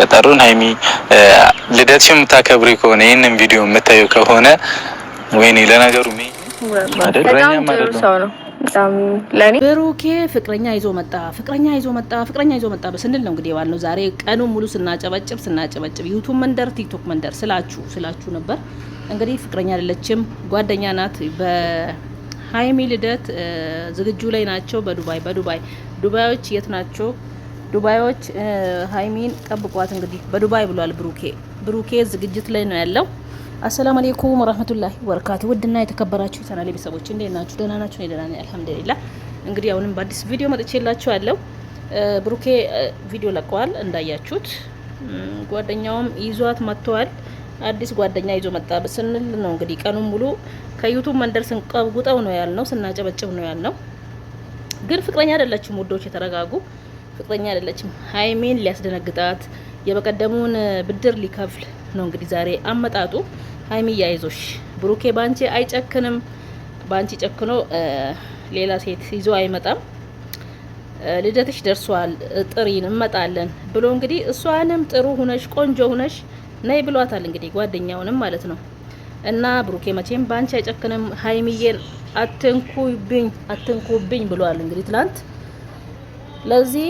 ቀጠሩን ሀይሚ ልደት የምታከብሪ ከሆነ ይህንን ቪዲዮ የምታዩ ከሆነ ወይኔ ለነገሩ ብሩኬ ፍቅረኛ ይዞ መጣ፣ ፍቅረኛ ይዞ መጣ፣ ፍቅረኛ ይዞ መጣ በስንል ነው እንግዲህ የዋል ዛሬ ቀኑ ሙሉ ስናጨበጭብ ስናጨበጭብ ዩቱብ መንደር ቲክቶክ መንደር ስላችሁ ስላችሁ ነበር። እንግዲህ ፍቅረኛ አይደለችም ጓደኛ ናት። በሀይሚ ልደት ዝግጁ ላይ ናቸው። በዱባይ በዱባይ ዱባዮች የት ናቸው? ዱባዮች ሀይሚን ጠብቋት። እንግዲህ በዱባይ ብሏል ብሩኬ። ብሩኬ ዝግጅት ላይ ነው ያለው። አሰላሙ አለይኩም ወራህመቱላሂ ወበረካቱ። ውድና የተከበራችሁ ቻናሌ ቤተሰቦች እንዴት ናችሁ? ደህና ናችሁ? እኔ ደህና ነኝ አልሐምዱሊላህ። እንግዲህ አሁንም በአዲስ ቪዲዮ መጥቼላችሁ አለው። ብሩኬ ቪዲዮ ለቀዋል እንዳያችሁት። ጓደኛውም ይዟት መጥተዋል። አዲስ ጓደኛ ይዞ መጣ ስንል ነው እንግዲህ ቀኑን ሙሉ ከዩቱብ መንደር ስንቀውጠው ነው ያልነው፣ ስናጨበጭብ ነው ያልነው። ግን ፍቅረኛ አይደለችም ውዶች፣ የተረጋጉ ፍቅረኛ አይደለችም። ሀይሜን ሊያስደነግጣት የበቀደሙን ብድር ሊከፍል ነው እንግዲህ ዛሬ አመጣጡ። ሀይሚ ያይዞሽ፣ ብሩኬ ባንቺ አይጨክንም። ባንቺ ጨክኖ ሌላ ሴት ይዞ አይመጣም። ልደትሽ ደርሷል፣ ጥሪን እመጣለን ብሎ እንግዲህ እሷንም ጥሩ ሁነሽ ቆንጆ ሁነሽ ነይ ብሏታል። እንግዲህ ጓደኛውንም ማለት ነው። እና ብሩኬ መቼም ባንቺ አይጨክንም፣ ሀይሚዬን አትንኩብኝ፣ አትንኩብኝ ብሏል እንግዲህ ትላንት ለዚህ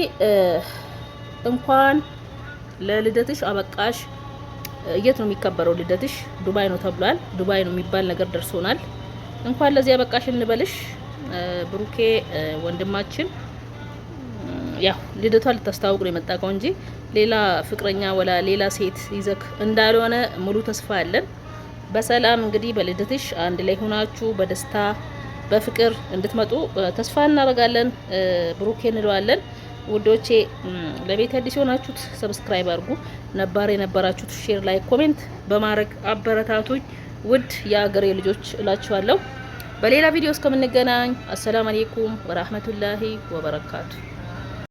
እንኳን ለልደትሽ አበቃሽ። የት ነው የሚከበረው ልደትሽ? ዱባይ ነው ተብሏል። ዱባይ ነው የሚባል ነገር ደርሶናል። እንኳን ለዚህ አበቃሽ እንበልሽ። ብሩኬ ወንድማችን ያው ልደቷ ልታስታውቅ ነው የመጣቀው እንጂ ሌላ ፍቅረኛ ወላ ሌላ ሴት ይዘክ እንዳልሆነ ሙሉ ተስፋ አለን። በሰላም እንግዲህ በልደትሽ አንድ ላይ ሆናችሁ በደስታ በፍቅር እንድትመጡ ተስፋ እናደርጋለን። ብሩኬ እንለዋለን። ውዶቼ ለቤት አዲስ የሆናችሁት ሰብስክራይብ አድርጉ፣ ነባር የነበራችሁት ሼር ላይ ኮሜንት በማድረግ አበረታቱኝ። ውድ የአገሬ ልጆች እላችኋለሁ። በሌላ ቪዲዮ እስከምንገናኝ አሰላም አሌይኩም ወራህመቱላሂ ወበረካቱ።